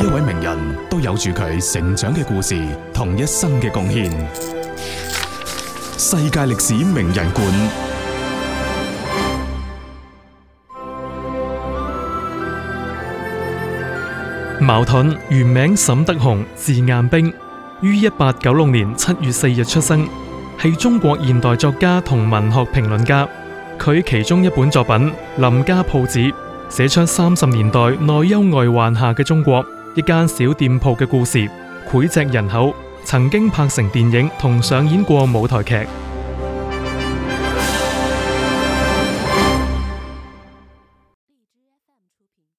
一位名人都有住佢成長嘅故事，同一生嘅貢獻。世界歷史名人館。茅盾原名沈德雄，字雁冰，於一八九六年七月四日出生，係中國現代作家同文學評論家。佢其中一本作品《林家鋪子》，寫出三十年代內憂外患下嘅中國。一間小店鋪嘅故事，膾炙人口，曾經拍成電影同上演過舞台劇。